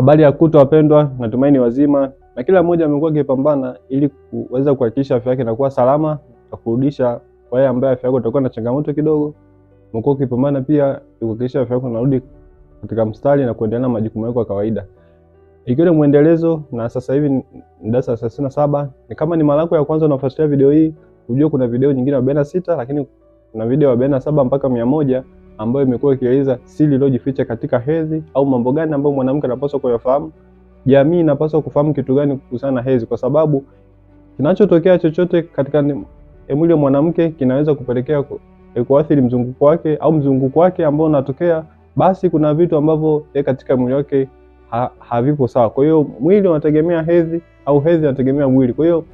Habari ya kutwa wapendwa, natumaini wazima na kila mmoja amekuwa akipambana ili kuweza kuhakikisha afya yake inakuwa salama na kurudisha. Kwa yeye ambaye afya yako itakuwa na changamoto kidogo, umekuwa ukipambana pia kuhakikisha afya yako inarudi katika mstari na kuendelea na majukumu yako ya kawaida, ikiwa ni mwendelezo na sasa hivi ni darasa la thelathini na saba. Ni kama ni mara yako ya kwanza unafuatilia video hii, ujue kuna video nyingine arobaini na sita lakini kuna video arobaini na saba mpaka mia moja ambayo imekuwa ikieleza siri iliyojificha katika hedhi au mambo gani ambayo mwanamke anapaswa kuyafahamu, jamii inapaswa kufahamu kitu gani kuhusiana na hedhi, kwa sababu kinachotokea chochote katika mwili wa mwanamke kinaweza kupelekea eh, kuathiri mzunguko wake au mzunguko wake ambao unatokea, basi kuna vitu ambavyo eh, katika mwili wake ha, havipo sawa. Kwa hiyo mwili unategemea hedhi au hedhi inategemea mwili. Kwa hiyo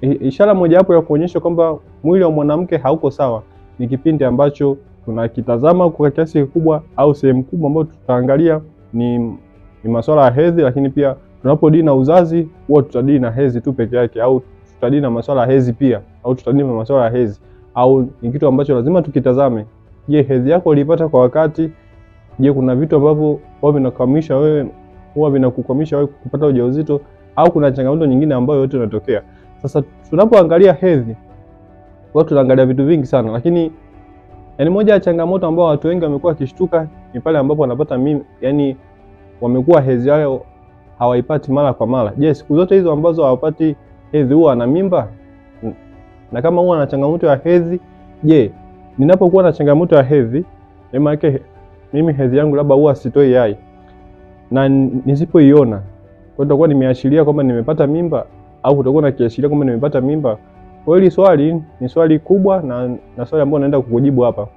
ishara mojawapo ya kuonyesha kwamba mwili wa mwanamke hauko sawa ni kipindi ambacho tunakitazama kwa kiasi kikubwa au sehemu kubwa ambayo tutaangalia ni, ni masuala ya hedhi, lakini pia tunapodili na uzazi huwa tutadili na hedhi tu peke yake, au tutadili na masuala ya hedhi pia, au tutadili na masuala ya hedhi, au ni kitu ambacho lazima tukitazame. Je, hedhi yako ulipata kwa wakati? Je, kuna vitu ambavyo huwa vinakwamisha wewe huwa vinakukwamisha wewe kupata ujauzito, au kuna changamoto nyingine ambayo yote inatokea? Sasa tunapoangalia hedhi, watu tunaangalia vitu vingi sana, lakini Yaani moja ya changamoto ambao watu wengi wamekuwa wakishtuka ni pale ambapo wanapata mimba, yani wamekuwa hedhi yao hawaipati mara kwa mara. Je, siku zote hizo ambazo hawapati hedhi huwa ana mimba? Na kama huwa na changamoto ya hedhi, je, ninapokuwa na changamoto ya hedhi, maana yake mimi hedhi yangu labda huwa sitoi yai. Na nisipoiona, kwa nitakuwa nimeashiria kwamba nimepata mimba au kutakuwa na kiashiria kwamba nimepata mimba. Kwa hili swali ni swali kubwa na, na swali ambalo naenda kukujibu hapa.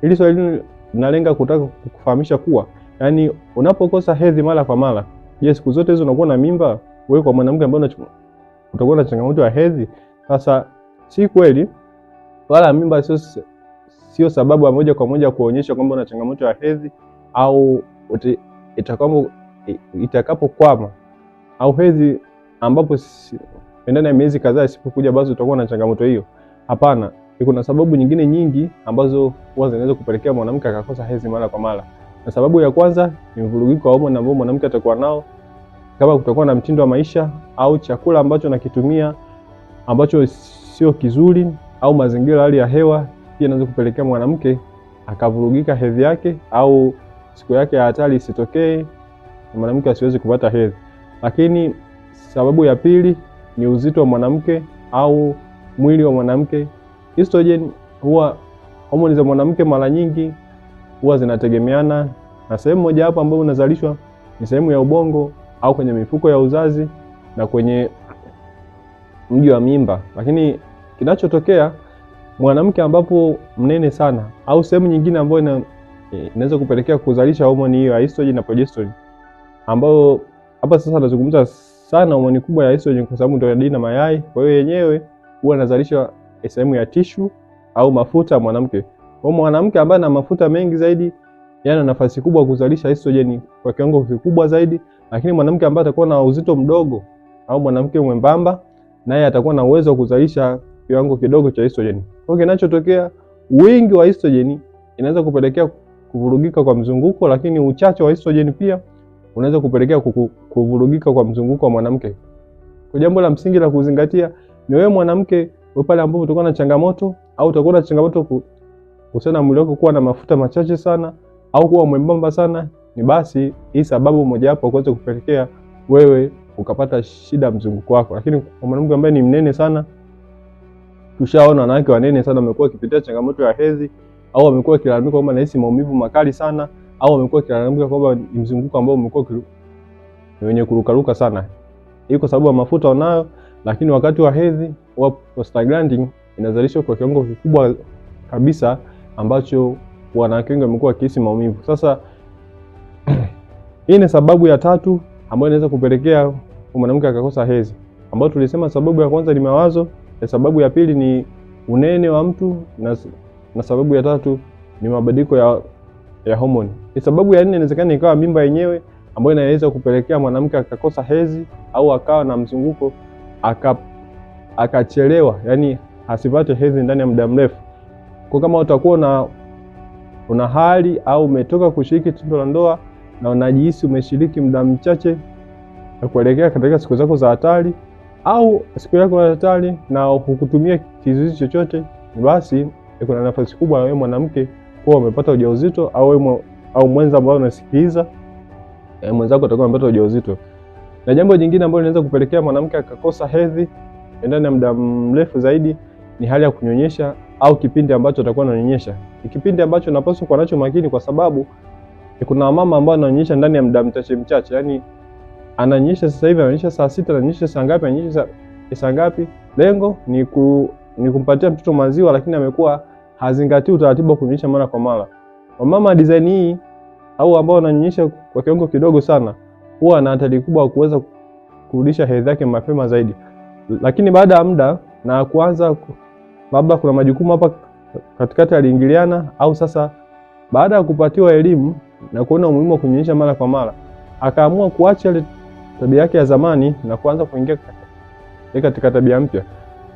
Hili swali nalenga kutaka kukufahamisha kuwa yani, unapokosa hedhi mara kwa mara, je, siku zote hizo unakuwa na mimba? Wewe kwa mwanamke ambaye utakuwa na changamoto ya hedhi? Sasa si kweli, wala mimba sio sio sababu ya moja kwa moja kuonyesha kwamba una changamoto ya hedhi au itakapokwama au hedhi ambapo ndani ya miezi kadhaa isipokuja, basi utakuwa na changamoto hiyo? Hapana, kuna sababu nyingine nyingi ambazo huwa zinaweza kupelekea mwanamke akakosa hedhi mara kwa mara, na sababu ya kwanza ni mvurugiko wa homoni ambao mwanamke atakuwa nao, kama kutakuwa na mtindo wa maisha au chakula ambacho nakitumia ambacho sio kizuri, au mazingira, hali ya hewa pia inaweza kupelekea mwanamke akavurugika hedhi yake, au siku yake ya hatari isitokee, mwanamke asiwezi kupata hedhi. Lakini sababu ya pili ni uzito wa mwanamke au mwili wa mwanamke. Estrogen huwa homoni za mwanamke mara nyingi huwa zinategemeana na sehemu moja hapo ambayo unazalishwa ni sehemu ya ubongo au kwenye mifuko ya uzazi na kwenye mji wa mimba. Lakini kinachotokea mwanamke ambapo mnene sana au sehemu nyingine ambayo ina e, inaweza kupelekea kuzalisha homoni hiyo ya estrogen na progesterone ambayo hapa sasa nazungumza sana homoni kubwa ya estrogen kwa sababu ndio inadili na mayai. Kwa hiyo yenyewe huwa inazalisha sehemu ya tishu au mafuta mwanamke. Kwa mwanamke ambaye ana mafuta mengi zaidi, yana yaani nafasi kubwa kuzalisha estrogen kwa kiwango kikubwa zaidi, lakini mwanamke ambaye atakuwa na uzito mdogo au mwanamke mwembamba, naye atakuwa na uwezo wa kuzalisha kiwango kidogo cha estrogen. Kwa hiyo kinachotokea, wingi wa estrogen inaweza kupelekea kuvurugika kwa mzunguko, lakini uchache wa estrogen pia unaweza kupelekea kuvurugika kwa mzunguko wa mwanamke. Kwa jambo la msingi la kuzingatia ni wewe mwanamke, wewe pale ambapo utakuwa na changamoto au utakuwa na changamoto kuhusiana mwili wako kuwa na mafuta machache sana au kuwa mwembamba sana, ni basi hii sababu mojawapo kuweza kupelekea wewe ukapata shida mzunguko wako. Lakini kwa mwanamke ambaye ni mnene sana, tushaona wanawake wanene sana wamekuwa wakipitia changamoto ya hedhi au wamekuwa wakilalamika kwamba nahisi maumivu makali sana au wamekuwa kilalamika kwamba ni mzunguko ambao umekuwa wenye kurukaruka sana. Hii kwa sababu ya mafuta wanayo, lakini wakati wa hedhi wa prostaglandin inazalishwa kwa kiwango kikubwa kabisa ambacho wanawake wengi wamekuwa wakihisi maumivu. Sasa hii ni sababu ya tatu ambayo inaweza kupelekea mwanamke akakosa hedhi, ambayo tulisema sababu ya kwanza ni mawazo, ya sababu ya pili ni unene wa mtu na, na sababu ya tatu ni mabadiliko ya ya homoni. Sababu ya nne inawezekana ikawa mimba yenyewe ambayo inaweza kupelekea mwanamke akakosa hezi au akawa na mzunguko aka akachelewa, yani asipate hezi ndani ya muda mrefu. Kwa kama utakuwa na una hali au umetoka kushiriki tendo la ndoa na unajihisi umeshiriki muda mchache na kuelekea katika siku zako za hatari au siku yako ya hatari na hukutumia kizuizi chochote, basi kuna nafasi kubwa wewe mwanamke kuwa umepata ujauzito au, au mwenza ambao unasikiliza e, mwenzako atakuwa amepata ujauzito. Na jambo jingine ambalo linaweza kupelekea mwanamke akakosa hedhi ndani ya muda mrefu zaidi ni hali ya kunyonyesha au kipindi ambacho atakuwa ananyonyesha. Ni kipindi ambacho napaswa kuwa nacho makini, kwa sababu ni kuna mama ambao ananyonyesha ndani ya muda mchache mchache, yani ananyonyesha sasa hivi, ananyonyesha saa sita, ananyonyesha saa ngapi, ananyonyesha saa ngapi. Lengo ni, ku, ni kumpatia mtoto maziwa, lakini amekuwa hazingatii utaratibu wa kunyonyesha mara kwa mara. Wamama design hii au ambao wananyonyesha kwa kiwango kidogo sana huwa na hatari kubwa kuweza kurudisha hedhi yake mapema zaidi. Lakini baada ya muda na kuanza labda kuna majukumu hapa katikati aliingiliana, au sasa baada ya kupatiwa elimu na kuona umuhimu wa kunyonyesha mara kwa mara, akaamua kuacha ile tabia yake ya zamani na kuanza kuingia katika tabia mpya.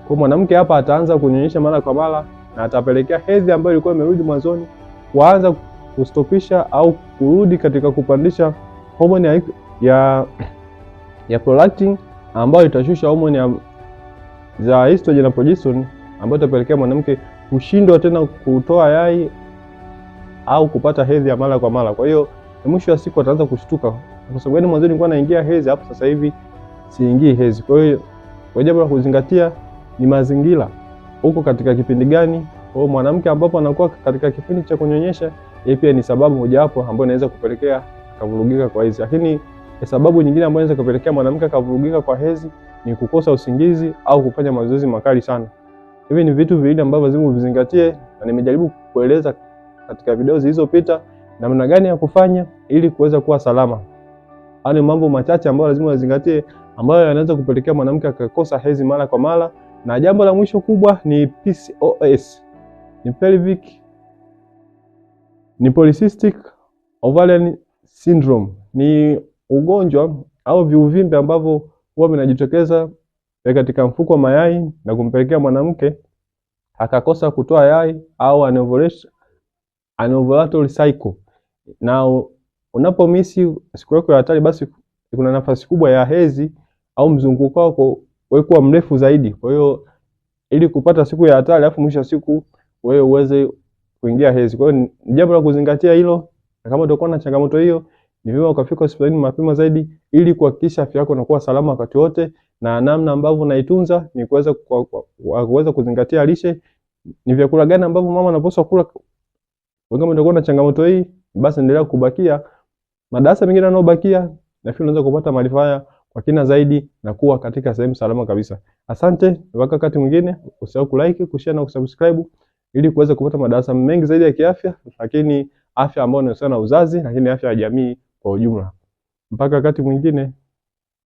Kwa mwanamke hapa ataanza kunyonyesha mara kwa mara na atapelekea hedhi ambayo ilikuwa imerudi mwanzoni kuanza kustopisha au kurudi katika kupandisha homoni ya, ya, ya prolactin ambayo itashusha homoni za estrogen na progesterone ambayo itapelekea mwanamke kushindwa tena kutoa yai au kupata hedhi ya mara kwa mara. Kwa hiyo mwisho wa siku ataanza kushtuka, kwa sababu gani? Mwanzo nilikuwa naingia hedhi, hapo sasa hivi siingii hedhi. Kwa hiyo kwa jambo la kuzingatia ni mazingira uko katika kipindi gani. Kwa hiyo mwanamke ambapo anakuwa katika kipindi cha kunyonyesha, hii pia ni sababu mojawapo ambayo inaweza kupelekea akavurugika kwa hizi. Lakini sababu nyingine ambayo inaweza kupelekea mwanamke akavurugika kwa hezi ni kukosa usingizi au kufanya mazoezi makali sana. Hivi ni vitu viwili ambavyo lazima uvizingatie, na nimejaribu kueleza katika video zilizopita namna gani ya kufanya ili kuweza kuwa salama. Hayo ni mambo machache ambayo lazima uzingatie, ambayo yanaweza kupelekea mwanamke akakosa hezi mara kwa mara. Na jambo la mwisho kubwa ni PCOS, ni pelvic ni polycystic ovarian syndrome, ni ugonjwa au viuvimbe ambavyo huwa vinajitokeza eh, katika mfuko wa mayai na kumpelekea mwanamke akakosa kutoa yai au anovulatory cycle, na unapomisi siku yako ya hatari, basi kuna nafasi kubwa ya hezi au mzunguko wako wewe kuwa mrefu zaidi. Kwa hiyo ili kupata siku ya hatari, alafu mwisho wa siku wewe uweze kuingia hedhi. Kwa hiyo ni jambo la kuzingatia hilo, na kama utakuwa na changamoto hiyo, ni vyema ukafika hospitalini mapema zaidi, ili kuhakikisha afya yako inakuwa salama wakati wote. Na namna ambavyo naitunza ni kuweza kuweza kuzingatia lishe, ni vyakula gani ambavyo mama anapaswa kula. kama utakuwa na changamoto hii, basi endelea kubakia madarasa mengine yanayobakia, na fikiri unaweza kupata maarifa haya kwa kina zaidi na kuwa katika sehemu salama kabisa. Asante, mpaka wakati mwingine, usisahau kulike, kushare na kusubscribe ili kuweza kupata madarasa mengi zaidi ya kiafya, lakini afya ambayo inahusiana na uzazi, lakini afya ya jamii kwa ujumla. Mpaka wakati mwingine.